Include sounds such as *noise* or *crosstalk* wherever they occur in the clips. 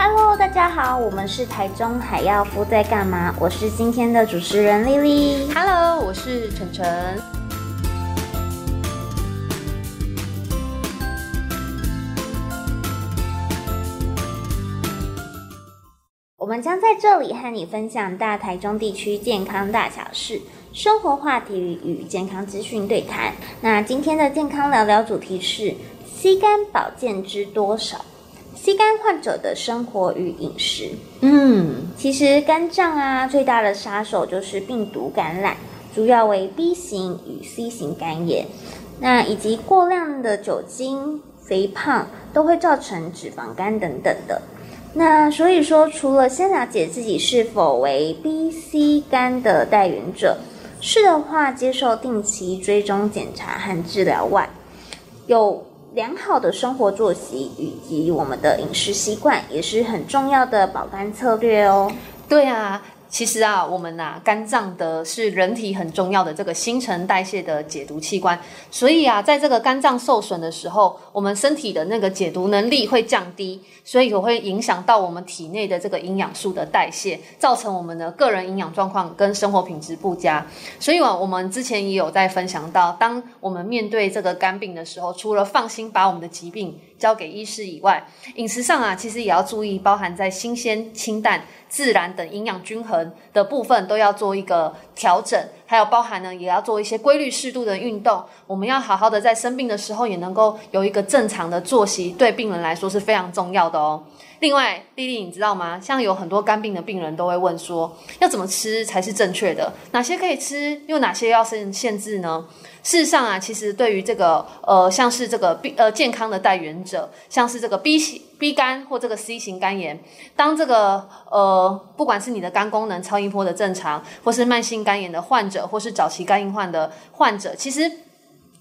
Hello，大家好，我們是台中海藥夫在幹嘛？我是今天的主持人麗麗。Hello，我是晨晨。我們將在這裡和你分享大台中地區健康大小事、生活話題與健康資訊對談。那今天的健康聊聊主題是 C 肝保健知多少。C 肝患者的生活與飲食，嗯，其實肝臟啊最大的殺手就是病毒感染，主要為 B 型與 C 型肝炎，那以及過量的酒精、肥胖都會造成脂肪肝等等的。那所以說，除了先了解自己是否為 B、C 肝的帶原者，是的話接受定期追蹤檢查和治療外，有良好的生活作息以及我們的飲食習慣也是很重要的保肝策略哦。對啊。其實啊，我們吶、啊，肝臟的是人體很重要的這個新陳代謝的解毒器官，所以啊，在這個肝臟受損的時候，我們身體的那個解毒能力會降低，所以也會影響到我們體內的這個營養素的代謝，造成我們的個人營養狀況跟生活品質不佳。所以啊，我們之前也有在分享到，當我們面對這個肝病的時候，除了放心把我們的疾病。交給醫師以外，飲食上啊，其實也要注意，包含在新鮮、清淡、自然等營養均衡的部分都要做一個調整，還有包含呢，也要做一些規律適度的運動。我們要好好的在生病的時候也能夠有一個正常的作息，對病人來說是非常重要的哦。另外，麗麗你知道嗎？像有很多肝病的病人都會問說，要怎麼吃才是正確的？哪些可以吃，又哪些要限限製呢？事實上啊，其實對於這個呃，像是這個 B, 呃健康的帶原者，像是這個 B 型 B 肝或這個 C 型肝炎，當這個呃，不管是你的肝功能超音波的正常，或是慢性肝炎的患者，或是早期肝硬化的患者，其實。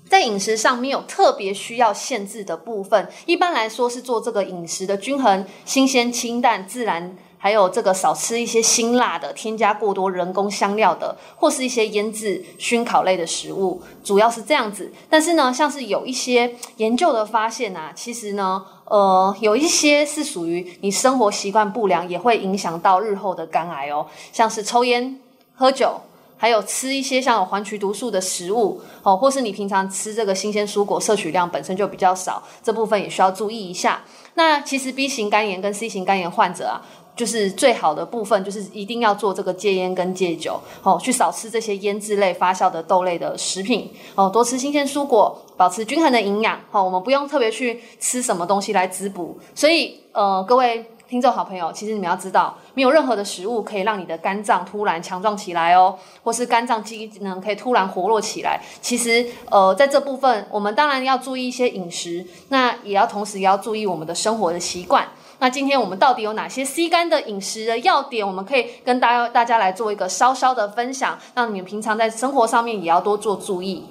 在飲食上沒有特別需要限制的部分，一般來說是做這個飲食的均衡、新鮮、清淡、自然，還有這個少吃一些辛辣的、添加過多人工香料的，或是一些醃製、燻烤類的食物，主要是這樣子。但是呢，像是有一些研究的發現啊，其實呢，呃，有一些是屬於你生活習慣不良，也會影響到日後的肝癌哦，像是抽菸、喝酒。還有吃一些像黃麴毒素的食物，哦，或是你平常吃這個新鮮蔬果攝取量本身就比較少，這部分也需要注意一下。那其實 B 型肝炎跟 C 型肝炎患者啊，就是最好的部分就是一定要做這個戒菸跟戒酒，哦，去少吃這些醃製類、發酵的豆類的食品，哦，多吃新鮮蔬果，保持均衡的營養。哦，我們不用特別去吃什麼東西來滋補。所以，呃，各位。聽眾好朋友，其實你們要知道，沒有任何的食物可以讓你的肝臟突然強壯起來哦，或是肝臟機能可以突然活絡起來。其實，呃，在這部分，我們當然要注意一些飲食，那也要同時也要注意我們的生活的習慣。那今天我們到底有哪些 C 肝的飲食的要點？我們可以跟大家大家來做一個稍稍的分享，讓你們平常在生活上面也要多做注意。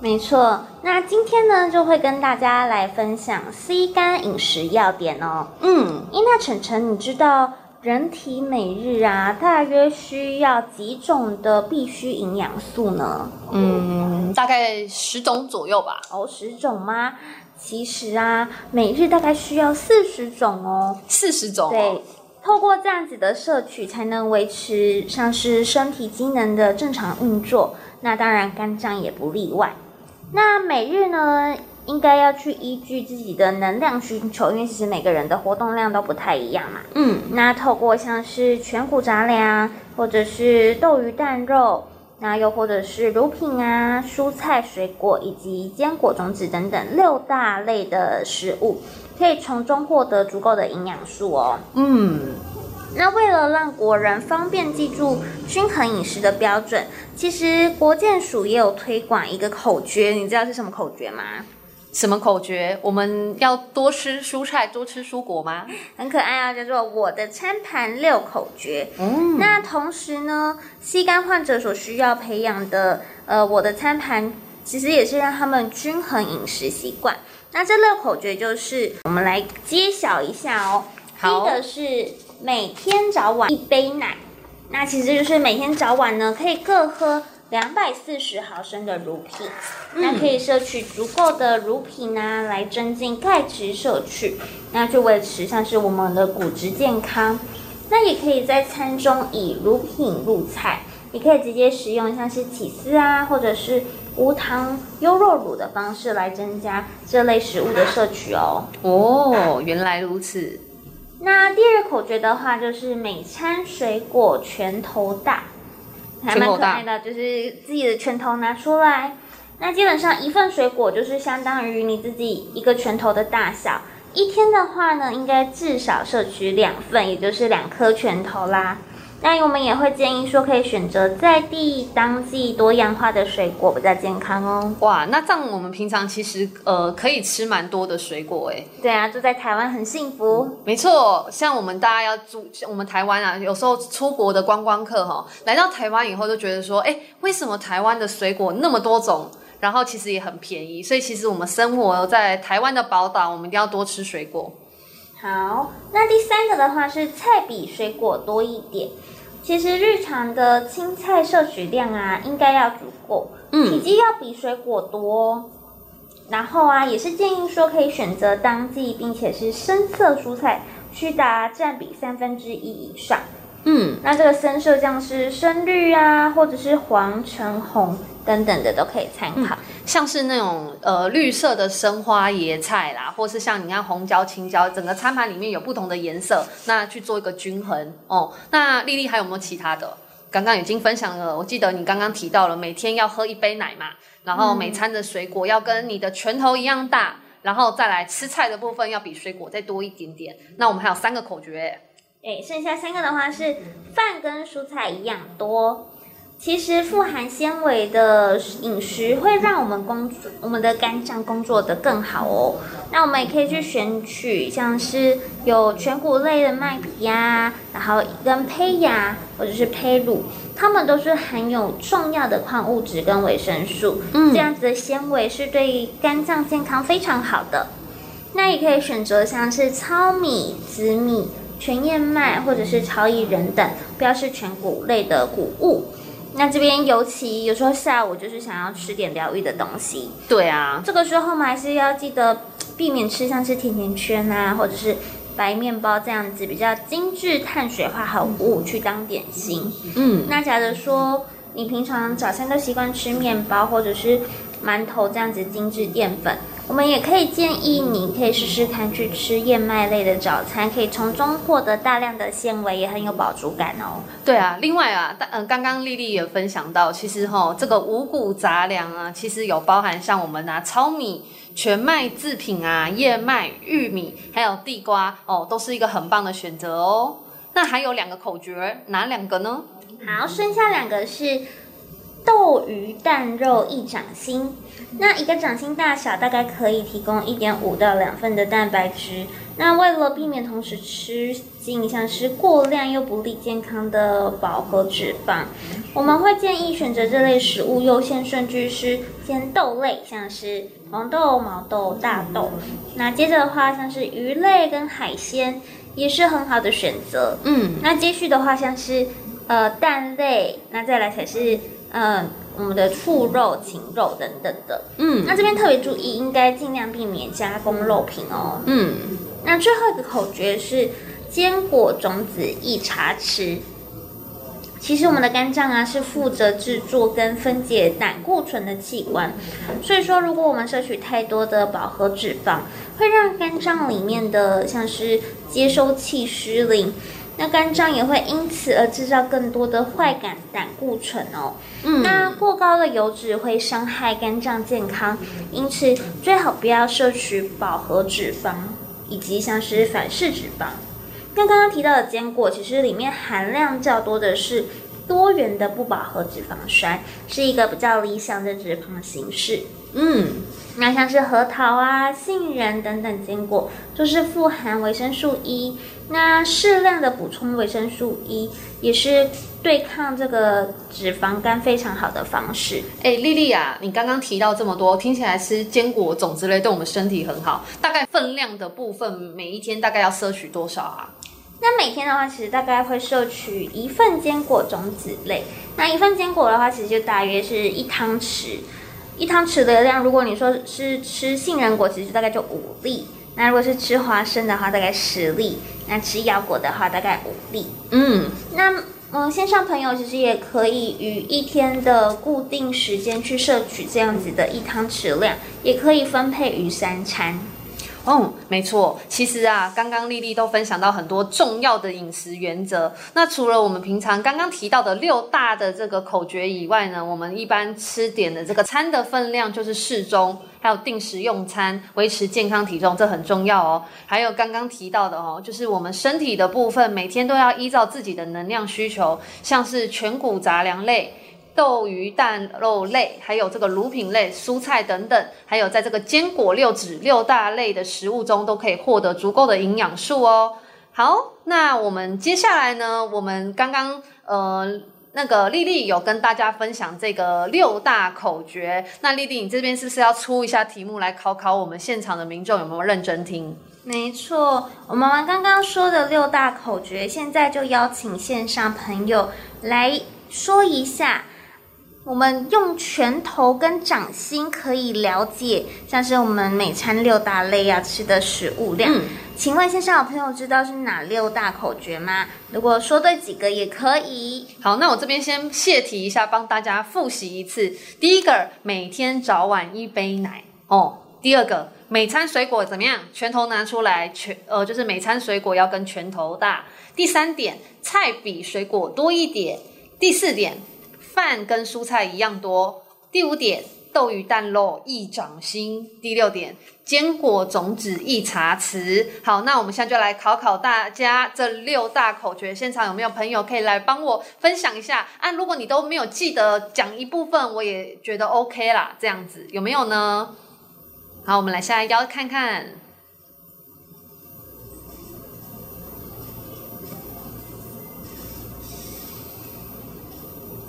沒錯，那今天呢，就會跟大家來分享 C 肝飲食要點哦。嗯，因為那晨晨，你知道人體每日啊大約需要幾種的必需營養素呢？嗯，大概十種左右吧。哦，十種嗎？其實啊，每日大概需要四十種哦。四十種哦，對，透過這樣子的攝取，才能維持像是身體機能的正常運作。那當然，肝臟也不例外。那每日呢，應該要去依據自己的能量需求，因為其實每個人的活動量都不太一樣嘛。嗯，那透過像是全穀雜糧，或者是豆魚蛋肉，那又或者是乳品啊、蔬菜、水果以及堅果種子等等六大類的食物，可以從中獲得足夠的營養素哦。嗯。那為了讓國人方便記住均衡飲食的標準，其實國健署也有推廣一個口訣，你知道是什麼口訣嗎？什麼口訣？我們要多吃蔬菜，多吃蔬果嗎？很可愛啊，叫做“我的餐盤六口訣”。嗯，那同時呢，C 肝患者所需要培養的，呃，我的餐盤其實也是讓他們均衡飲食習慣。那這六口訣就是，我們來揭曉一下哦。好，第一個是。每天早晚一杯奶，那其實就是每天早晚呢，可以各喝兩百四十毫升的乳品。嗯，那可以攝取足夠的乳品啊，來增進鈣質攝取，那就維持像是我們的骨質健康。那也可以在餐中以乳品入菜，你可以直接食用，像是起司啊，或者是無糖優酪乳的方式來增加這類食物的攝取哦。哦，原來如此。那第二口訣的話，就是每餐水果拳頭大，還蠻可愛的，就是自己的拳頭拿出來。那基本上一份水果就是相當於你自己一個拳頭的大小。一天的話呢，應該至少攝取兩份，也就是兩顆拳頭啦。那我們也會建議說，可以選擇在地當季多樣化的水果，比較健康哦。哇，那這樣我們平常其實呃可以吃蠻多的水果哎。對啊，住在台灣很幸福。嗯、沒錯，像我們大家要住，像我們台灣啊，有時候出國的觀光客哈，來到台灣以後就覺得說，哎、欸，為什麼台灣的水果那麼多種？然後其實也很便宜。所以其實我們生活在台灣的寶島，我們一定要多吃水果。好，那第三個的話是菜比水果多一點。其實日常的青菜攝取量啊，應該要足夠，嗯，體積要比水果多。嗯。然後啊，也是建議說可以選擇當季，並且是深色蔬菜，去達佔比三分之一以上。嗯，那這個深色醬是深綠啊，或者是黃橙紅等等的都可以參考。嗯。像是那種呃綠色的生花椰菜啦，或是像你看紅椒、青椒，整個餐盤裡面有不同的顏色，那去做一個均衡哦。嗯。那麗麗還有沒有其他的？剛剛已經分享了，我記得你剛剛提到了每天要喝一杯奶嘛，然後每餐的水果要跟你的拳頭一樣大，嗯，然後再來吃菜的部分要比水果再多一點點。那我們還有三個口訣。剩下三個的話是飯跟蔬菜一樣多。其實富含纖維的飲食會讓我們工作，我們的肝臟工作得更好哦。那我們也可以去選取像是有全谷類的麥皮呀、啊，然後跟胚芽或者是胚乳，它們都是含有重要的礦物質跟維生素。嗯，這樣子的纖維是對肝臟健康非常好的。那也可以選擇像是糙米、紫米。全燕麥或者是超薏仁等，標示全穀類的穀物。那這邊尤其有時候下午就是想要吃點療癒的東西。對啊，這個時候我們還是要記得避免吃像是甜甜圈啊，或者是白麵包這樣子比較精緻碳水化合物去當點心。嗯，那假如說你平常早餐都習慣吃麵包或者是饅頭這樣子精緻澱粉。我們也可以建議你，可以試試看去吃燕麥類的早餐，可以從中獲得大量的纖維，也很有飽足感哦。對啊，另外啊，嗯、呃，剛剛麗麗也分享到，其實哈、哦，這個五谷雜糧啊，其實有包含像我們拿、啊、糙米、全麥製品啊、燕麥、玉米，還有地瓜哦，都是一個很棒的選擇哦。那還有兩個口訣，哪兩個呢？好，剩下兩個是豆魚蛋肉一掌心。那一個掌心大小，大概可以提供一點五到兩份的蛋白質。那為了避免同時吃進像是過量又不利健康的飽和脂肪，我們會建議選擇這類食物優先順序是：先豆類，像是黃豆、毛豆、大豆；嗯、那接着的話像是魚類跟海鮮也是很好的選擇。嗯，那接續的話像是，呃，蛋類，那再來才是嗯。呃我們的畜肉、禽肉等等的，嗯，那這邊特別注意，應該盡量避免加工肉品哦。嗯，那最後一個口訣是堅果種子一茶匙。其實我們的肝臟啊是負責製作跟分解膽固醇的器官，所以說如果我們攝取太多的飽和脂肪，會讓肝臟裡面的像是接收器失靈。那肝臟也會因此而製造更多的壞膽固醇哦。嗯，那過高的油脂會傷害肝臟健康，嗯，因此最好不要攝取飽和脂肪以及像是反式脂肪。那剛剛提到的堅果，其實裡面含量較多的是多元的不飽和脂肪酸，是一個比較理想的脂肪的形式。嗯。那像是核桃啊、杏仁等等堅果，就是富含維生素 E。那適量的補充維生素 E，也是對抗這個脂肪肝非常好的方式。哎、欸，莉莉啊，你剛剛提到這麼多，聽起來吃堅果種子類對我們身體很好。大概分量的部分，每一天大概要攝取多少啊？那每天的話，其實大概會攝取一份堅果種子類。那一份堅果的話，其實就大約是一湯匙。一湯匙的量，如果你說是吃杏仁果，其實大概就五粒；那如果是吃花生的話，大概十粒；那吃腰果的話，大概五粒。嗯，那嗯，線上朋友其實也可以於一天的固定時間去攝取這樣子的一湯匙量，也可以分配於三餐。嗯、哦，沒錯。其實啊，剛剛麗麗都分享到很多重要的飲食原則。那除了我們平常剛剛提到的六大的這個口訣以外呢，我們一般吃點的這個餐的分量就是適中，還有定時用餐，維持健康體重，這很重要哦。還有剛剛提到的哦，就是我們身體的部分，每天都要依照自己的能量需求，像是全穀雜糧類。豆魚蛋肉類，還有這個乳品類、蔬菜等等，還有在這個堅果、六指、六大類的食物中，都可以獲得足夠的營養素哦。好，那我們接下來呢，我們剛剛呃，那個莉莉有跟大家分享這個六大口訣。那莉莉，你這邊是不是要出一下題目來考考我們現場的民眾有沒有認真聽？沒錯，我們剛剛說的六大口訣，現在就邀請線上朋友來說一下。我們用拳頭跟掌心可以了解，像是我們每餐六大類要、啊、吃的食物量。嗯，請問先生有朋友知道是哪六大口訣嗎？如果說對幾個也可以。好，那我這邊先洩題一下，幫大家複習一次。第一個，每天早晚一杯奶哦。第二個，每餐水果怎麼樣？拳頭拿出來，拳呃就是每餐水果要跟拳頭大。第三點，菜比水果多一點。第四點。飯跟蔬菜一樣多。第五點，豆魚蛋肉一掌心。第六點，堅果種子一茶匙。好，那我們現在就來考考大家這六大口訣，現場有沒有朋友可以來幫我分享一下啊？如果你都沒有記得講一部分，我也覺得 OK 啦，這樣子有沒有呢？好，我們來下一個看看。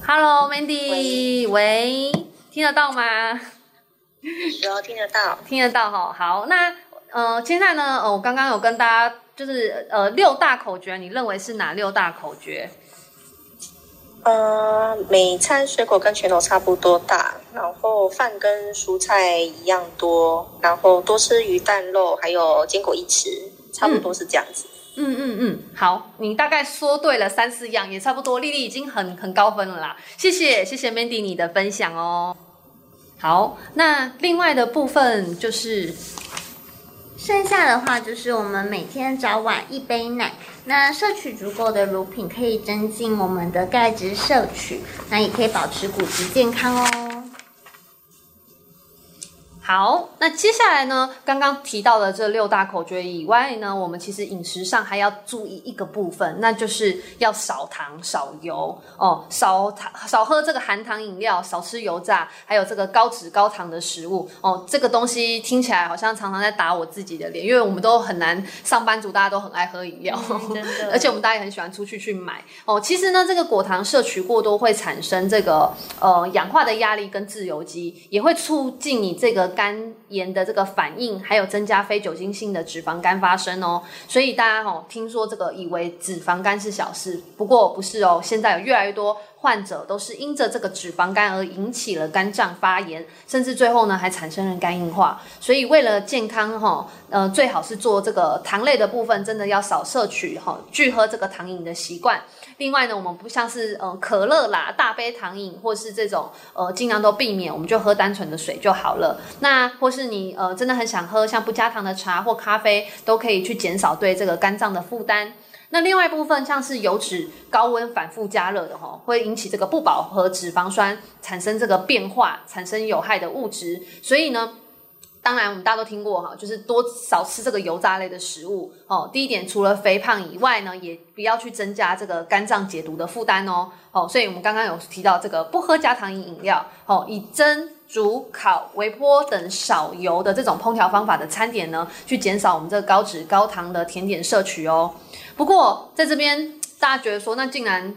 Hello, Mandy，喂，喂，聽得到嗎？有，聽得到，聽得到哈、哦。好，那呃，現在呢，呃，我剛剛有跟大家，就是呃，六大口訣，你認為是哪六大口訣？呃，每餐水果跟拳頭差不多大，然後飯跟蔬菜一樣多，然後多吃魚、蛋、肉，還有堅果一匙，差不多是這樣子。嗯嗯嗯嗯，好，你大概說對了三四樣，也差不多。麗麗已經很很高分了啦，謝謝謝謝 Mandy 你的分享哦。好，那另外的部分就是剩下的話，就是我們每天早晚一杯奶，那攝取足夠的乳品可以增進我們的鈣質攝取，那也可以保持骨質健康哦。好，那接下來呢？剛剛提到的這六大口訣以外呢，我們其實飲食上還要注意一個部分，那就是要少糖少油哦、嗯，少糖少喝這個含糖飲料，少吃油炸，還有這個高脂高糖的食物哦、嗯。這個東西聽起來好像常常在打我自己的臉，因為我們都很難，上班族大家都很愛喝飲料、嗯，真的，而且我們大家也很喜歡出去去買哦、嗯。其實呢，這個果糖攝取過多會產生這個呃氧化的壓力跟自由基，也會促進你這個。肝炎的這個反應，還有增加非酒精性的脂肪肝發生哦，所以大家哈、哦，聽說這個以為脂肪肝是小事，不過不是哦，現在有越來越多患者都是因着這個脂肪肝而引起了肝臟發炎，甚至最後呢還產生了肝硬化，所以為了健康、哦、呃最好是做這個糖類的部分，真的要少攝取哈、哦，拒喝這個糖飲的習慣。另外呢，我們不像是呃可樂啦、大杯糖飲，或是這種呃，儘量都避免，我們就喝單純的水就好了。那或是你呃真的很想喝像不加糖的茶或咖啡，都可以去減少對這個肝臟的負擔。那另外一部分像是油脂高溫反覆加熱的齁，會引起這個不飽和脂肪酸產生這個變化，產生有害的物質。所以呢。當然，我們大家都聽過哈，就是多少吃這個油炸類的食物哦。第一點，除了肥胖以外呢，也不要去增加這個肝臟解毒的負擔哦。哦，所以我們剛剛有提到這個不喝加糖飲飲料哦，以蒸、煮、烤、微波等少油的這種烹調方法的餐點呢，去減少我們這個高脂高糖的甜點攝取哦。不過，在這邊大家覺得說，那竟然。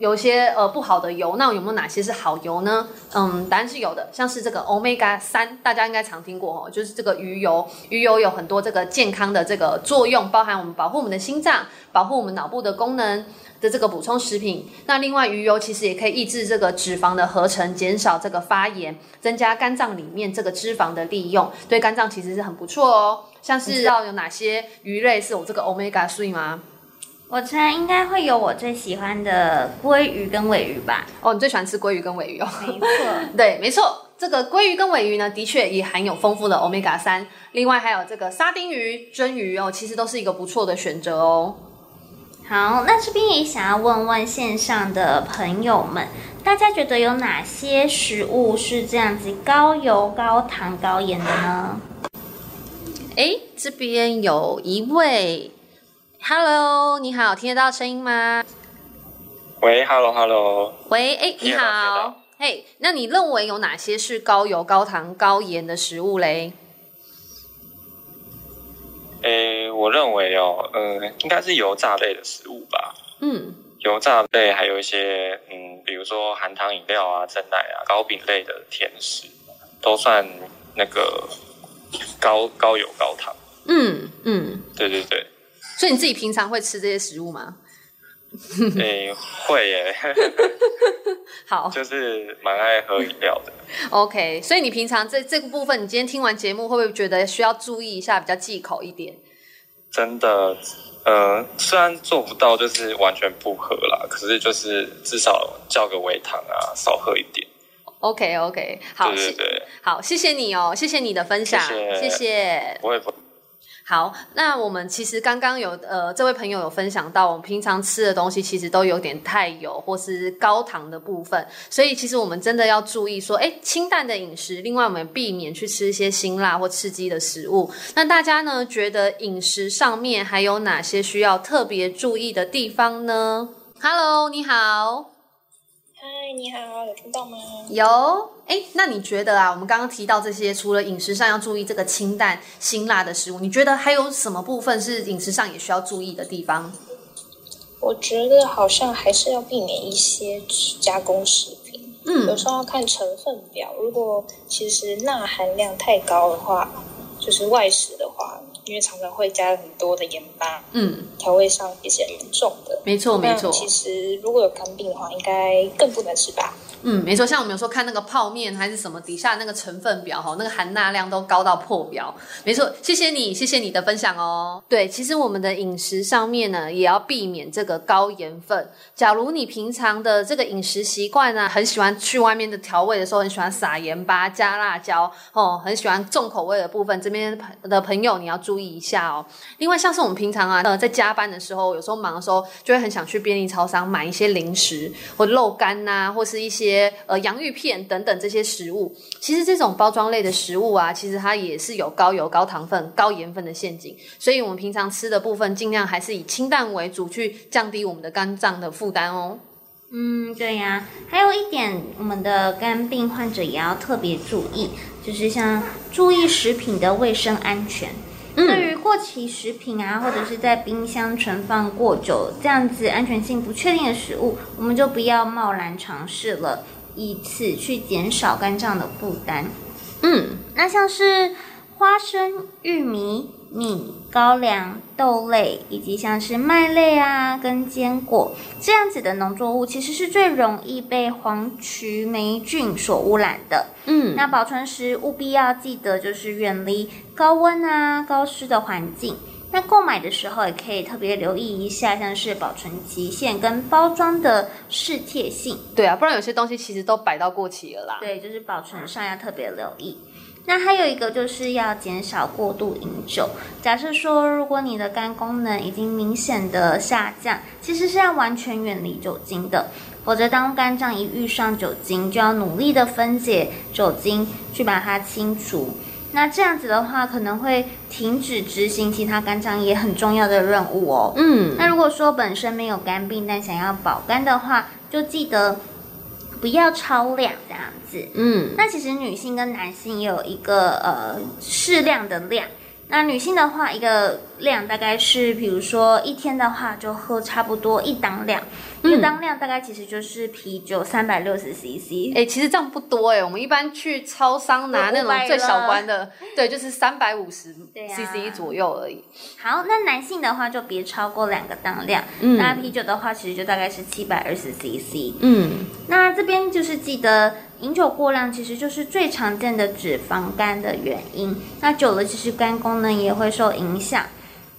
有些呃不好的油，那有沒有哪些是好油呢？嗯，答案是有的，像是這個 omega 三，大家應該常聽過哦，就是這個魚油。魚油有很多這個健康的這個作用，包含我們保護我們的心臟、保護我們腦部的功能的這個補充食品。那另外，魚油其實也可以抑制這個脂肪的合成，減少這個發炎，增加肝臟裡面這個脂肪的利用，對肝臟其實是很不錯哦。像是知道有哪些魚類是有這個 omega 三嗎？我猜應該會有我最喜歡的鮭魚跟鮪魚吧。哦，你最喜歡吃鮭魚跟鮪魚哦。沒錯， *laughs* 對，沒錯，這個鮭魚跟鮪魚呢，的確也含有豐富的歐米伽三。另外還有這個沙丁魚、鱒魚哦，其實都是一個不錯的選擇哦。好，那這邊也想要問問線上的朋友們，大家覺得有哪些食物是這樣子高油、高糖、高鹽的呢？哎、欸，這邊有一位。哈嘍，你好，聽得到聲音嗎？喂，哈嘍哈嘍喂，哎、欸，你好。嘿，hey, 那你認為有哪些是高油、高糖、高鹽的食物嘞？哎、欸，我認為哦、喔，嗯、呃，應該是油炸類的食物吧。嗯，油炸類還有一些，嗯，比如說含糖飲料啊、珍奶啊、糕餅類的甜食，都算那個高高油、高糖。嗯嗯，對對對。所以你自己平常會吃這些食物嗎？嗯、 *laughs* 欸，會耶、欸。 *laughs* 好，就是蠻愛喝飲料的。OK，所以你平常這這個部分，你今天聽完節目，會不會覺得需要注意一下，比較忌口一點？真的，呃，雖然做不到就是完全不喝啦，可是就是至少叫個微糖啊，少喝一點。OK，OK，、okay, okay. 好，對對對，好，謝謝你哦，謝謝你的分享，謝謝。謝謝不會不。好，那我們其實剛剛有呃，這位朋友有分享到，我們平常吃的東西其實都有點太油或是高糖的部分，所以其實我們真的要注意說，欸，清淡的飲食，另外我們避免去吃一些辛辣或刺激的食物。那大家呢，覺得飲食上面還有哪些需要特別注意的地方呢？Hello，你好。嗨，你好，有聽到嗎？有，哎、欸，那你覺得啊，我們剛剛提到這些，除了飲食上要注意這個清淡、辛辣的食物，你覺得還有什麼部分是飲食上也需要注意的地方？我覺得好像還是要避免一些加工食品，嗯，有時候要看成分表，如果其實鈉含量太高的話，就是外食的話。因為常常會加很多的鹽巴，嗯，調味上也是很重的，沒錯沒錯。其實如果有肝病的話，應該更不能吃吧？嗯，沒錯。像我們有時候看那個泡麵還是什麼，底下那個成分表哈，那個含鈉量都高到破表。沒錯、嗯，謝謝你，謝謝你的分享哦。對，其實我們的飲食上面呢，也要避免這個高鹽分。假如你平常的這個飲食習慣呢，很喜歡去外面的調味的時候，很喜歡撒鹽巴、加辣椒，哦、嗯，很喜歡重口味的部分，這邊的朋友你要注。注意一下哦。另外，像是我們平常啊，呃，在加班的時候，有時候忙的時候，就會很想去便利超商買一些零食或者肉乾吶、啊，或是一些呃洋芋片等等這些食物。其實這種包裝類的食物啊，其實它也是有高油、高糖分、高鹽分的陷阱。所以，我們平常吃的部分，儘量還是以清淡為主，去降低我們的肝臟的負擔哦。嗯，對呀、啊。還有一點，我們的肝病患者，也要特別注意，就是像注意食品的衛生安全。嗯、對於過期食品啊，或者是在冰箱存放過久這樣子安全性不確定的食物，我們就不要貿然嘗試了，以此去減少肝臟的負擔。嗯，那像是花生、玉米。米、高粱、豆類以及像是麥類啊，跟堅果這樣子的農作物，其實是最容易被黃曲黴菌所污染的。嗯，那保存時務必要記得就是遠離高溫啊、高濕的環境。那購買的時候也可以特別留意一下，像是保存期限跟包裝的適切性。對啊，不然有些東西其實都擺到過期了啦。對，就是保存上要特別留意。那還有一個就是要減少過度飲酒。假設說，如果你的肝功能已經明顯的下降，其實是要完全遠離酒精的，否則當肝臟一遇上酒精，就要努力的分解酒精去把它清除。那這樣子的話，可能會停止執行其他肝臟也很重要的任務哦。嗯，那如果說本身沒有肝病，但想要保肝的話，就記得。不要超量這樣子，嗯，那其實女性跟男性也有一個呃適量的量，那女性的話，一個量大概是，比如說一天的話，就喝差不多一檔量。個、嗯、當量大概其實就是啤酒三百六十 cc，其實這樣不多哎、欸，我們一般去超商拿那種最小罐的，對，就是三百五十 cc 左右而已、啊。好，那男性的話就別超過兩個當量、嗯，那啤酒的話其實就大概是七百二十 cc。嗯，那這邊就是記得飲酒過量其實就是最常見的脂肪肝的原因，那久了其實肝功能也會受影響。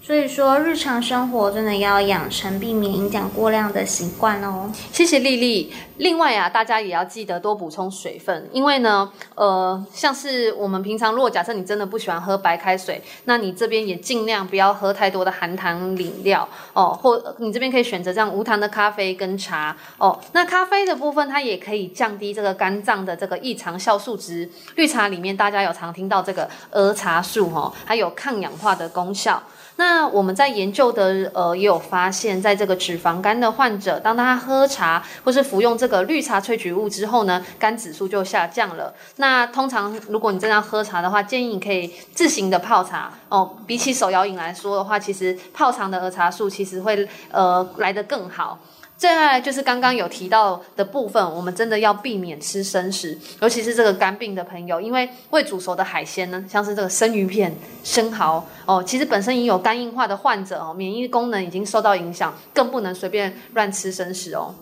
所以說，日常生活真的要養成避免影響過量的習慣哦。謝謝莉莉。另外啊，大家也要記得多補充水分，因為呢，呃，像是我們平常，如果假設你真的不喜歡喝白開水，那你這邊也儘量不要喝太多的含糖飲料哦。或你這邊可以選擇這樣無糖的咖啡跟茶哦。那咖啡的部分，它也可以降低這個肝臟的這個異常酵素值，綠茶裡面大家有常聽到這個兒茶素哈、哦，它有抗氧化的功效。那我們在研究的，呃，也有發現，在這個脂肪肝的患者，當他喝茶或是服用這個綠茶萃取物之後呢，肝指數就下降了。那通常如果你正常喝茶的話，建議你可以自行的泡茶哦，比起手搖飲來說的話，其實泡茶的兒茶素其實會呃來得更好。接下來就是剛剛有提到的部分，我們真的要避免吃生食，尤其是這個肝病的朋友，因為未煮熟的海鮮呢，像是這個生魚片、生蠔哦，其實本身已經有肝硬化的患者哦，免疫功能已經受到影響，更不能隨便亂吃生食哦。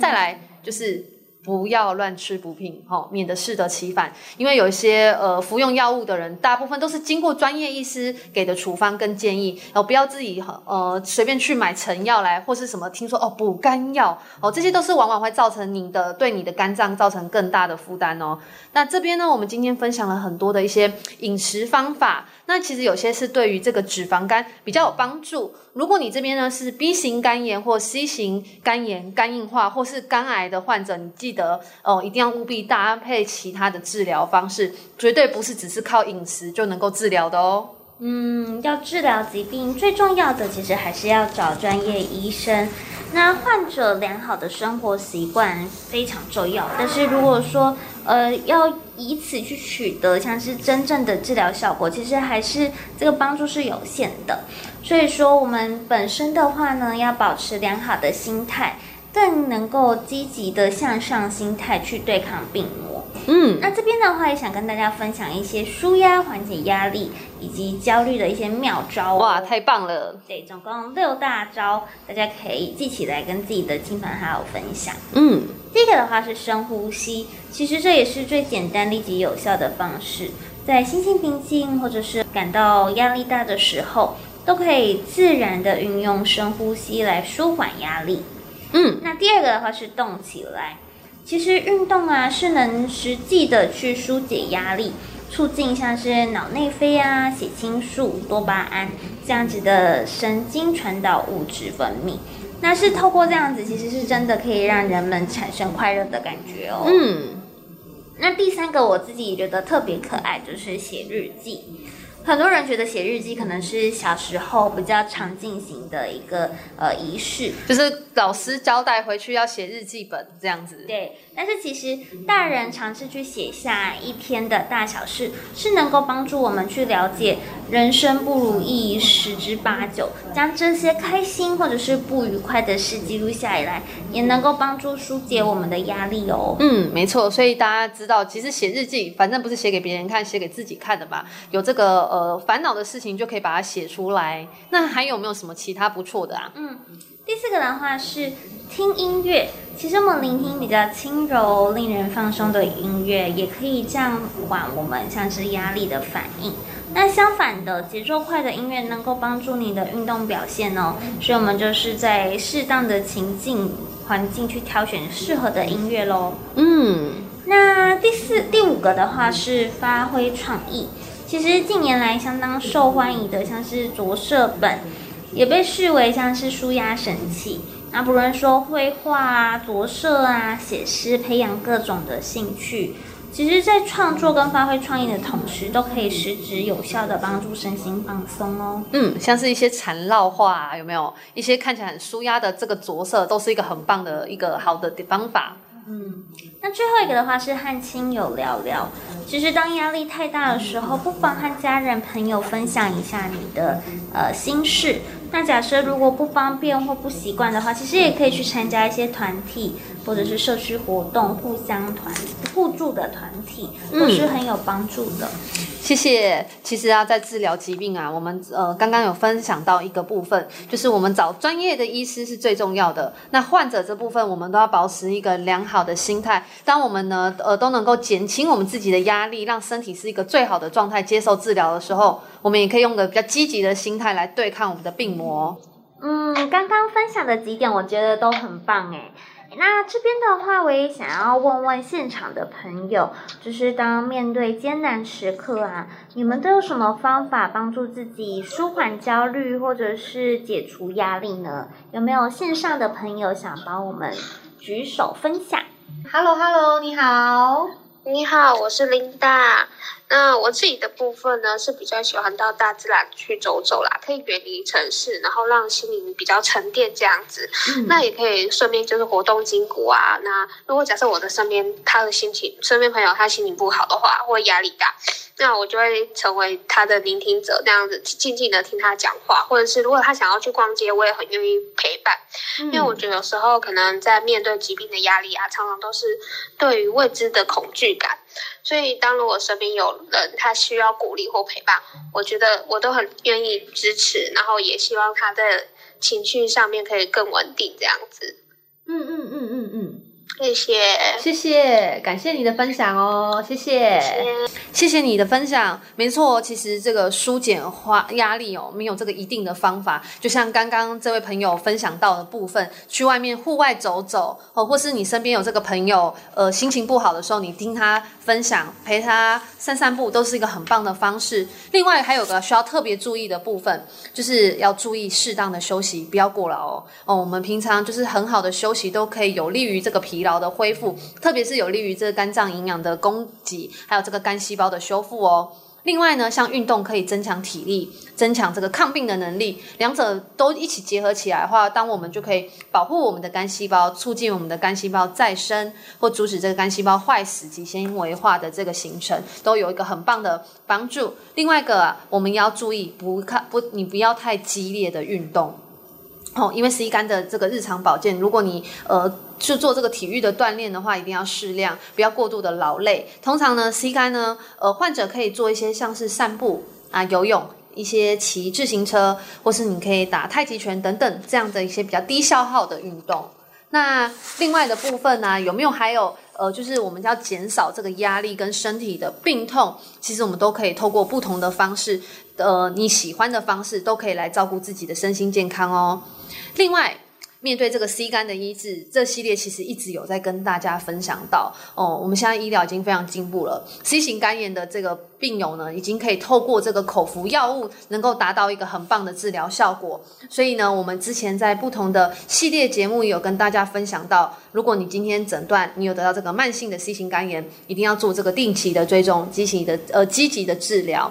再來就是。不要亂吃補品哦，免得適得其反。因為有一些呃服用藥物的人，大部分都是經過專業醫師給的處方跟建議，然後、呃、不要自己呃隨便去買成藥來或是什麼聽說哦補肝藥哦，這些都是往往會造成你的對你的肝臟造成更大的負擔哦。那這邊呢，我們今天分享了很多的一些飲食方法。那其實有些是對於這個脂肪肝比較有幫助。如果你這邊呢，是 B 型肝炎或 C 型肝炎、肝硬化或是肝癌的患者，你記得哦，呃，一定要務必搭配其他的治療方式，絕對不是只是靠飲食就能夠治療的哦。嗯，要治療疾病，最重要的其實還是要找專業醫生。那患者良好的生活習慣非常重要，但是如果說呃要以此去取得像是真正的治療效果，其實還是這個幫助是有限的。所以說，我們本身的話呢，要保持良好的心態，更能夠積極的向上心態去對抗病魔。嗯，那這邊的話也想跟大家分享一些舒壓、緩解壓力以及焦慮的一些妙招哦。哇，太棒了！對，總共六大招，大家可以記起來跟自己的親朋好友分享。嗯，第一個的話是深呼吸，其實這也是最簡單、立即有效的方式，在心情平靜或者是感到壓力大的時候，都可以自然的運用深呼吸來舒緩壓力。嗯，那第二個的話是動起來。其實運動啊是能實際的去疏解壓力，促進像是腦內啡啊、血清素、多巴胺這樣子的神經傳導物質分泌，那是透過這樣子，其實是真的可以讓人們產生快樂的感覺哦。嗯，那第三個我自己覺得特別可愛就是寫日記。很多人覺得寫日記可能是小時候比較常進行的一個呃儀式，就是老師交代回去要寫日記本這樣子。對，但是其實大人嘗試去寫下一天的大小事，是能夠幫助我們去了解。人生不如意十之八九，將這些開心或者是不愉快的事記錄下來，也能夠幫助疏解我們的壓力哦。嗯，沒錯，所以大家知道，其實寫日記，反正不是寫給別人看，寫給自己看的吧？有這個呃煩惱的事情，就可以把它寫出來。那還有沒有什麼其他不錯的啊？嗯，第四個的話是聽音樂，其實我們聆聽比較輕柔、令人放鬆的音樂，也可以這樣緩我們像是壓力的反應。那相反的，節奏快的音樂能夠幫助你的運動表現哦，所以我們就是在適當的情境環境去挑選適合的音樂嘍。嗯，那第四、第五個的話是發揮創意。其實近年來相當受歡迎的，像是着色本，也被視為像是舒壓神器。那不論說繪畫啊、着色啊、寫詩，培養各種的興趣。其實，在創作跟發揮創意的同時，都可以實質有效的幫助身心放鬆哦。嗯，像是一些纏繞畫啊，有沒有一些看起來很舒壓的這個着色，都是一個很棒的一個好的方法。嗯，那最後一個的話是和親友聊聊。其實，當壓力太大的時候，不妨和家人朋友分享一下你的呃心事。那假設如果不方便或不習慣的話，其實也可以去參加一些團體。或者是社區活動，互相團互助的團體都是很有幫助的、嗯。謝謝。其實啊，在治療疾病啊，我們呃剛剛有分享到一個部分，就是我們找專業的醫師是最重要的。那患者這部分，我們都要保持一個良好的心態。當我們呢呃都能夠減輕我們自己的壓力，讓身體是一個最好的狀態，接受治療的時候，我們也可以用個比較積極的心態來對抗我們的病魔。嗯，剛剛分享的幾點，我覺得都很棒誒、欸。那這邊的話，我也想要問問現場的朋友，就是當面對艱難時刻啊，你們都有什麼方法幫助自己舒緩焦慮或者是解除壓力呢？有沒有線上的朋友想幫我們舉手分享？Hello Hello，你好，你好，我是 Linda。那我自己的部分呢，是比較喜歡到大自然去走走啦，可以遠離城市，然後讓心靈比較沉澱這樣子。那也可以順便就是活動筋骨啊。那如果假設我的身邊他的心情，身邊朋友他心情不好的話，或壓力大，那我就會成為他的聆聽者，這樣子靜靜的聽他講話。或者是如果他想要去逛街，我也很願意陪伴，因為我覺得有時候可能在面對疾病的壓力啊，常常都是對於未知的恐懼感。所以，當我身邊有人，他需要鼓勵或陪伴，我覺得我都很願意支持，然後也希望他的情緒上面可以更穩定，這樣子。嗯嗯嗯嗯嗯。嗯嗯。謝謝，謝謝，感謝你的分享哦，謝謝，謝謝你的分享。沒錯，其實這個舒緩壓力哦，沒有這個一定的方法。就像剛剛這位朋友分享到的部分，去外面戶外走走哦，或是你身邊有這個朋友，呃，心情不好的時候，你聽他分享，陪他散散步，都是一個很棒的方式。另外還有個需要特別注意的部分，就是要注意適當的休息，不要過勞哦。哦，我們平常就是很好的休息，都可以有利於這個皮。疲勞的恢復，特別是有利於這個肝臟營養的供給，還有這個肝細胞的修復哦。另外呢，像運動可以增強體力，增強這個抗病的能力。兩者都一起結合起來的話，當我們就可以保護我們的肝細胞，促進我們的肝細胞再生，或阻止這個肝細胞壞死及纖維化的這個形成，都有一個很棒的幫助。另外一個啊，我們要注意，不看不，你不要太激烈的運動。哦，因為 C 肝的這個日常保健，如果你呃就做這個體育的鍛鍊的話，一定要適量，不要過度的勞累。通常呢，C 肝呢，呃，患者可以做一些像是散步啊、呃、游泳、一些騎自行車，或是你可以打太極拳等等這樣的一些比較低消耗的運動。那另外的部分呢、啊，有沒有還有呃，就是我們要減少這個壓力跟身體的病痛，其實我們都可以透過不同的方式。呃，你喜歡的方式都可以來照顧自己的身心健康哦。另外，面對這個 C 肝的醫治，這系列其實一直有在跟大家分享到哦。我們現在醫療已經非常進步了，C 型肝炎的這個病友呢，已經可以透過這個口服藥物，能夠達到一個很棒的治療效果。所以呢，我們之前在不同的系列節目有跟大家分享到，如果你今天診斷你有得到這個慢性的 C 型肝炎，一定要做這個定期的追蹤，積極的，呃，積極的治療。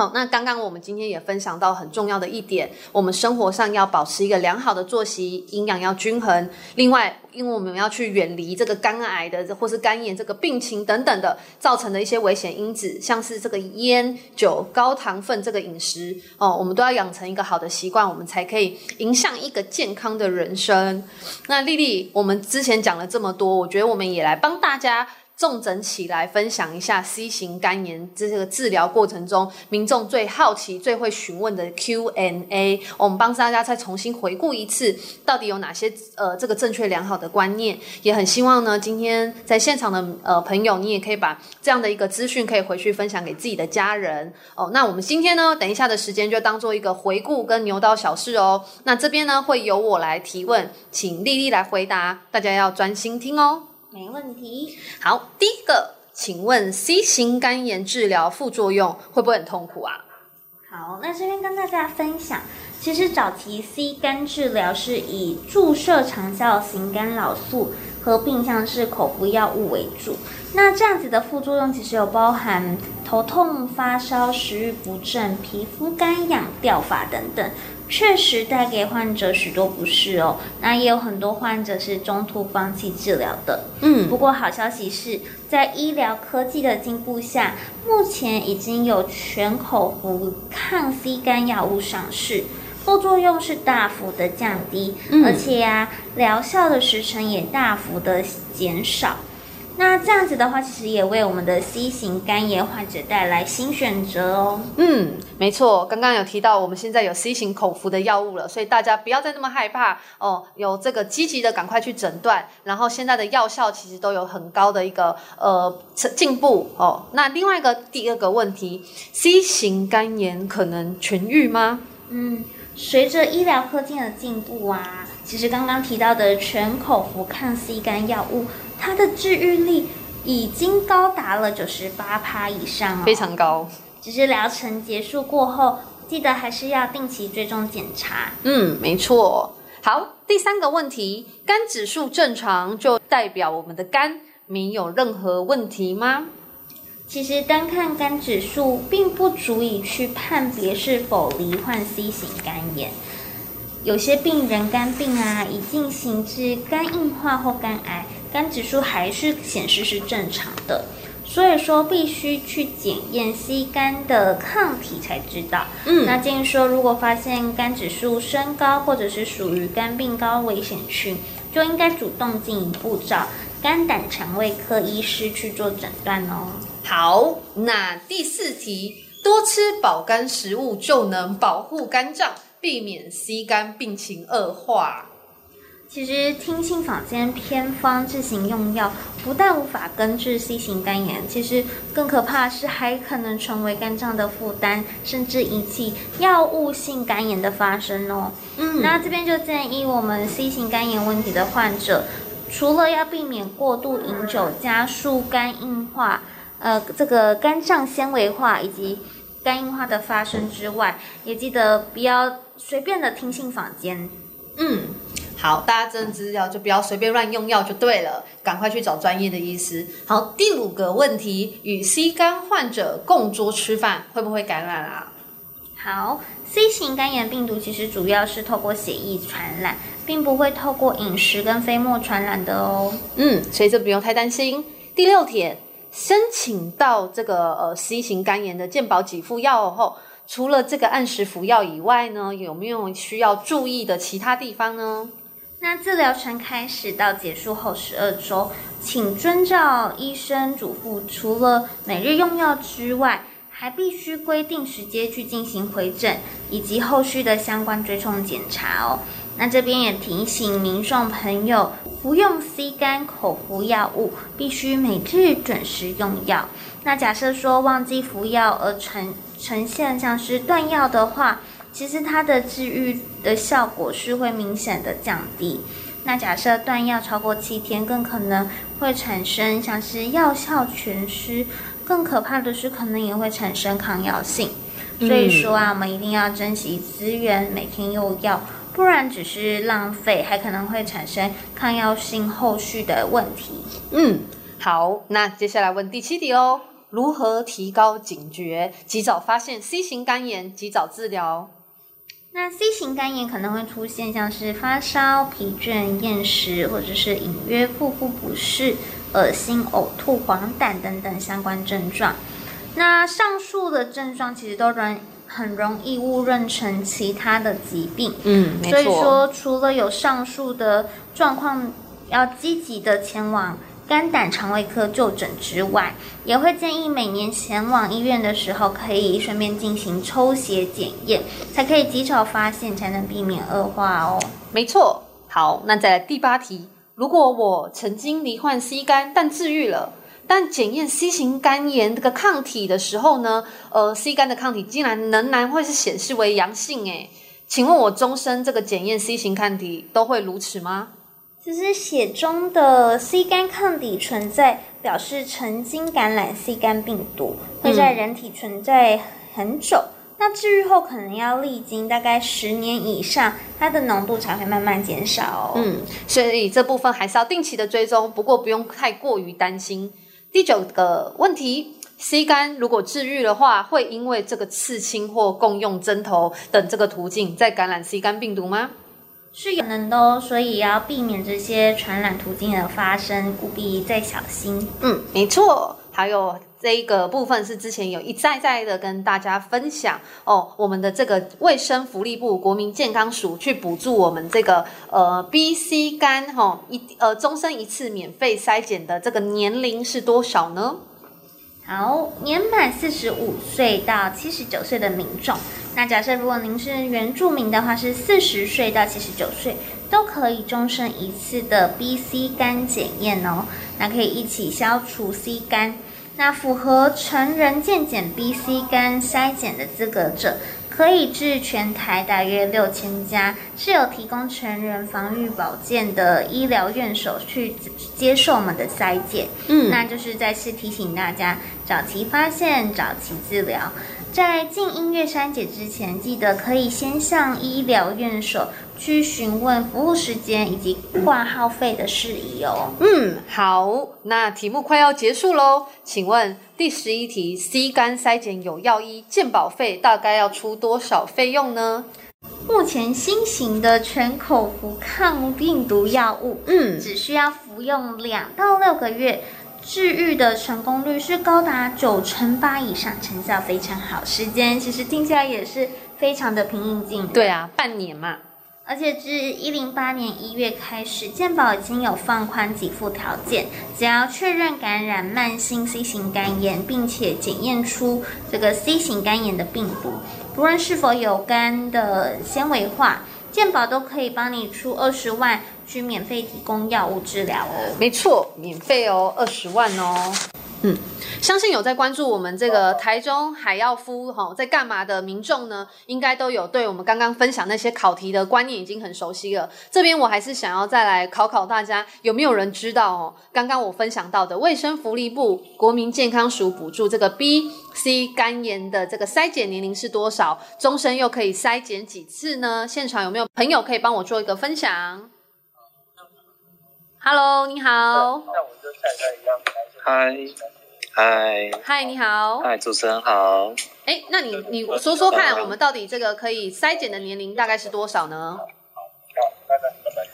哦，那剛剛我們今天也分享到很重要的一點，我們生活上要保持一個良好的作息，營養要均衡。另外，因為我們要去遠離這個肝癌的或是肝炎這個病情等等的，造成的一些危險因子，像是這個菸酒、高糖分這個飲食哦，我們都要養成一個好的習慣，我們才可以迎向一個健康的人生。那麗麗，我們之前講了這麼多，我覺得我們也來幫大家。重整起來，分享一下 C 型肝炎這個治療過程中民眾最好奇、最會詢問的 Q&A。我們幫大家再重新回顧一次，到底有哪些呃這個正確良好的觀念？也很希望呢，今天在現場的呃朋友，你也可以把這樣的一個資訊可以回去分享給自己的家人哦。那我們今天呢，等一下的時間就當做一個回顧跟牛刀小試哦。那這邊呢，會由我來提問，請莉莉來回答，大家要專心聽哦。沒問題。好，第一個，請問 C 型肝炎治療副作用會不會很痛苦啊？好，那這邊跟大家分享，其實早期 C 肝治療是以注射長效型干擾素和病向式口服藥物為主。那這樣子的副作用其實有包含頭痛、發燒、食欲不振、皮膚乾癢、掉髮等等。確實帶給患者許多不適哦，那也有很多患者是中途放棄治療的。嗯，不過好消息是，在醫療科技的進步下，目前已經有全口服抗 C 肝藥物上市，副作用是大幅的降低，嗯、而且呀、啊，療效的時程也大幅的減少。那這樣子的話，其實也為我們的 C 型肝炎患者帶來新選擇哦。嗯，沒錯，剛剛有提到我們現在有 C 型口服的藥物了，所以大家不要再那麼害怕哦。有這個積極的，趕快去診斷，然後現在的藥效其實都有很高的一個呃進步哦。那另外一個第二個問題，C 型肝炎可能痊癒嗎？嗯，隨着醫療科技的進步啊，其實剛剛提到的全口服抗 C 肝藥物。它的治癒率已經高達了九十八趴以上，哦，非常高。只是療程結束過後，記得還是要定期追蹤檢查。嗯，沒錯。好，第三個問題，肝指數正常就代表我們的肝沒有任何問題嗎？其實單看肝指數並不足以去判別是否罹患 C 型肝炎，有些病人肝病啊已進行至肝硬化或肝癌。肝指數還是顯示是正常的，所以說必須去檢驗 C 肝的抗體才知道。嗯，那建議說，如果發現肝指數升高，或者是屬於肝病高危險群，就應該主動進一步找肝膽腸胃科醫師去做診斷哦。好，那第四題，多吃保肝食物就能保護肝臟，避免 C 肝病情惡化。其實聽信坊間偏方自行用藥，不但無法根治 C 型肝炎，其實更可怕是，還可能成為肝臟的負擔，甚至引起藥物性肝炎的發生哦。嗯，那這邊就建議我們 C 型肝炎問題的患者，除了要避免過度飲酒加速肝硬化，呃，這個肝臟纖維化以及肝硬化的發生之外，也記得不要隨便的聽信坊間。嗯。好，大家真的知道就不要隨便亂用藥就對了，趕快去找專業的醫師。好，第五個問題，與 C 肝患者共桌吃飯會不會感染啊？好，C 型肝炎病毒其實主要是透過血液傳染，並不會透過飲食跟飛沫傳染的哦。嗯，所以這不用太擔心。第六點，申請到這個呃 C 型肝炎的健保給付藥後，除了這個按時服藥以外呢，有沒有需要注意的其他地方呢？那自療程開始到結束後十二周，請遵照醫生囑咐，除了每日用藥之外，還必須規定,定時間去進行回診，以及後續的相關追蹤檢查哦。那這邊也提醒民眾朋友，服用 C 肝口服藥物，必須每日準時用藥。那假設說忘記服藥而呈呈現像是斷藥的話，其實它的治癒。的效果是會明顯的降低，那假設斷藥超過七天，更可能會產生像是藥效全失，更可怕的是可能也會產生抗藥性。嗯、所以說啊，我們一定要珍惜資源，每天用藥，不然只是浪費，還可能會產生抗藥性後續的問題。嗯，好，那接下來問第七題哦，如何提高警覺，及早發現 C 型肝炎，及早治療？那 C 型肝炎可能會出現像是發燒、疲倦、厭食，或者是隱約腹部不適、噁心、嘔吐、黃疸等等相關症狀。那上述的症狀其實都容很容易誤認成其他的疾病。嗯，沒錯哦。所以說，除了有上述的狀況，要積極的前往。肝膽腸胃科就診之外，也會建議每年前往醫院的時候，可以順便進行抽血檢驗，才可以及早發現，才能避免惡化哦。沒錯，好，那再來第八題，如果我曾經罹患 C 肝但治癒了，但檢驗 C 型肝炎這個抗體的時候呢，呃，C 肝的抗體竟然仍然會是顯示為陽性誒，請問我終身這個檢驗 C 型抗體都會如此嗎？其實血中的 C 肝抗體存在，表示曾經感染 C 肝病毒。嗯，會在人體存在很久。那治癒後可能要歷經大概十年以上，它的濃度才會慢慢減少哦。嗯，所以這部分還是要定期的追蹤，不過不用太過於擔心。第九個問題：C 肝如果治癒的話，會因為這個刺青或共用針頭等這個途徑再感染 C 肝病毒嗎？是有可能的哦，所以要避免這些傳染途徑的發生，務必再小心。嗯，沒錯。還有這一個部分是之前有一再再的跟大家分享哦，我們的這個衛生福利部國民健康署去補助我們這個呃 BC 肝哦，一呃終身一次免費篩檢的這個年齡是多少呢？好，年滿四十五歲到七十九歲的民眾，那假設如果您是原住民的話，是四十歲到七十九歲都可以終身一次的 BC 肝檢驗哦，那可以一起消除 C 肝，那符合成人健檢 BC 肝篩檢的資格者。可以至全台大約六千家是有提供成人防禦保健的醫療院所去接受我們的篩檢，嗯，那就是再次提醒大家，早期發現，早期治療。在進醫院篩檢之前，記得可以先向醫療院所。去詢問服務時間以及掛號費的事宜哦。嗯，好，那題目快要結束嘍，請問第十一題，C 肝篩檢有藥醫，健保費大概要出多少費用呢？目前新型的全口服抗病毒藥物，嗯，只需要服用兩到六個月，治癒的成功率是高達九成八以上，成效非常好。時間其實聽起來也是非常的平靜、嗯。對啊，半年嘛。而且自一零八年一月開始，健保已經有放寬給付條件，只要確認感染慢性 C 型肝炎，並且檢驗出這個 C 型肝炎的病毒，不論是否有肝的纖維化，健保都可以幫你出二十萬去免費提供藥物治療哦。沒錯，免費哦，二十萬哦。嗯，相信有在關注我們這個台中海耀夫齁在幹嘛的民眾呢，應該都有對我們剛剛分享那些考題的觀念已經很熟悉了。這邊我還是想要再來考考大家，有沒有人知道哦？剛剛我分享到的衛生福利部國民健康署補助這個 B C 肝炎的這個篩檢年齡是多少？終身又可以篩檢幾次呢？現場有沒有朋友可以幫我做一個分享、嗯、？Hello，你好。像、嗯、我就一樣。嗨，嗨，嗨，你好，嗨，主持人好。哎，那你你說說看，我們到底這個可以篩檢的年齡大概是多少呢？好，好，拜拜拜拜。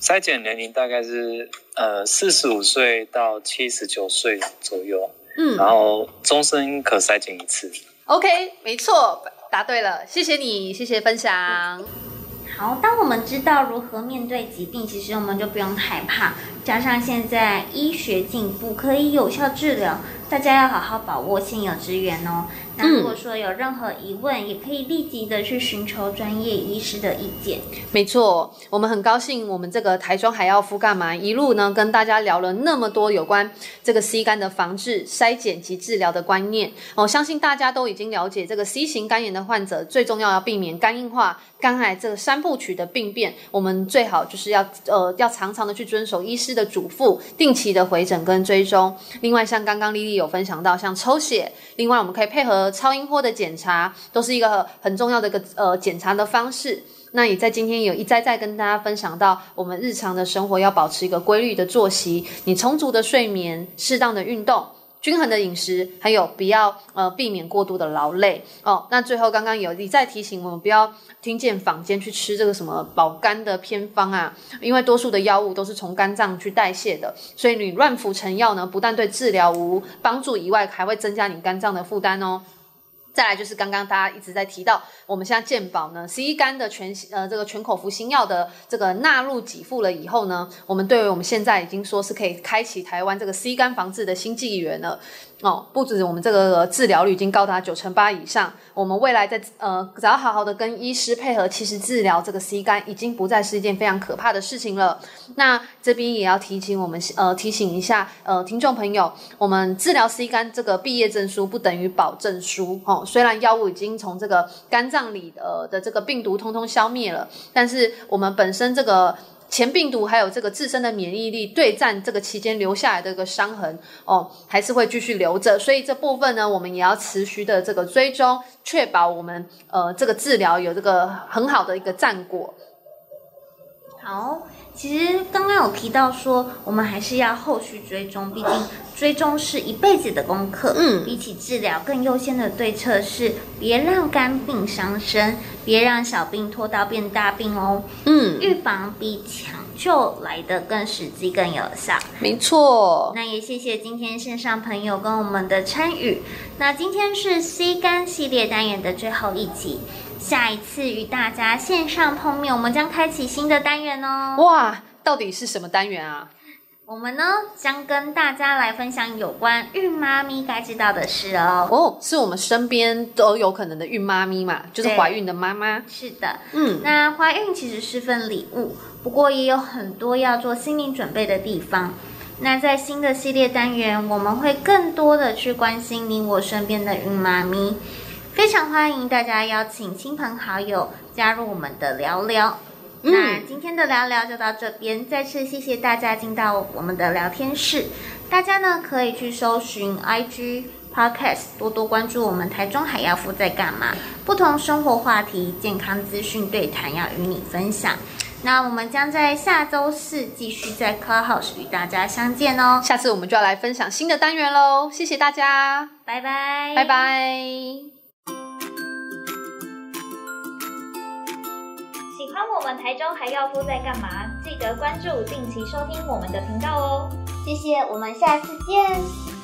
篩檢年齡大概是呃四十五歲到七十九歲左右，嗯，然後終身可篩檢一次。OK，沒錯，答對了，謝謝你，謝謝分享。嗯好，當我們知道如何面對疾病，其實我們就不用害怕。加上現在醫學進步，可以有效治療，大家要好好把握現有資源哦。那如果說有任何疑問，嗯，也可以立即的去尋求專業醫師的意見。沒錯，我們很高興，我們這個台中海藥夫干嘛一路呢，跟大家聊了那麼多有關這個 C 肝的防治、篩檢及治療的觀念哦，相信大家都已經了解，這個 C 型肝炎的患者最重要要避免肝硬化。肝癌這個三部曲的病變，我們最好就是要呃要常常的去遵守醫師的囑咐，定期的回診跟追蹤。另外，像剛剛莉莉有分享到，像抽血，另外我們可以配合超音波的檢查，都是一個很重要的一個呃檢查的方式。那也在今天有一再再跟大家分享到，我們日常的生活要保持一個規律的作息，你充足的睡眠，適當的運動。均衡的飲食，還有不要呃避免過度的勞累哦。那最後剛剛有你在提醒我們，不要聽見坊間去吃這個什麼保肝的偏方啊，因為多數的藥物都是從肝臟去代謝的，所以你亂服成藥呢，不但對治療無幫助以外，還會增加你肝臟的負擔哦。再來就是剛剛大家一直在提到，我們現在健保呢，C 肝的全，呃，這個全口服新藥的這個納入給付了以後呢，我們對於我們現在已經說是可以開啟台灣這個 C 肝防治的新紀元了。哦，不止我們這個、呃、治療率已經高達九成八以上，我們未來在呃只要好好的跟醫師配合，其實治療這個 C 肝已經不再是一件非常可怕的事情了。那這邊也要提醒我們呃提醒一下呃聽眾朋友，我們治療 C 肝這個畢業證書不等於保證書哦。雖然藥物已經從這個肝臟裡的、呃、的這個病毒通通消滅了，但是我們本身這個。前病毒還有這個自身的免疫力，對戰這個期間留下來的一個傷痕哦，還是會繼續留着。所以這部分呢，我們也要持續的這個追蹤，確保我們呃這個治療有這個很好的一個戰果。好。其實剛剛有提到說，我們還是要後續追蹤，畢竟追蹤是一輩子的功課。嗯，比起治療更優先的對策是，別讓肝病傷身，別讓小病拖到變大病哦。嗯，預防比搶救來得更實際、更有效。沒錯。那也謝謝今天線上朋友跟我們的參與。那今天是 C 肝系列單元的最後一集。下一次與大家線上碰面，我們將開啟新的單元哦。哇，到底是什麼單元啊？我們呢將跟大家來分享有關孕媽咪該知道的事哦。哦，是我們身邊都有可能的孕媽咪嘛，就是懷孕的媽媽。是的，嗯，那懷孕其實是份禮物，不過也有很多要做心理準備的地方。那在新的系列單元，我們會更多的去關心你我身邊的孕媽咪。非常歡迎大家邀請親朋好友加入我們的聊聊、嗯。那今天的聊聊就到這邊，再次謝謝大家進到我們的聊天室。大家呢可以去搜尋 IG Podcast，多多關注我們台中海藥夫在幹嘛。不同生活話題、健康資訊對談要與你分享。那我們將在下周四繼續在 Clubhouse 與大家相見哦。下次我們就要來分享新的單元嘍。謝謝大家，拜拜，拜拜。當我們台中還要不再幹嘛？記得關注，定期收聽我們的頻道哦。謝謝，我們下次見。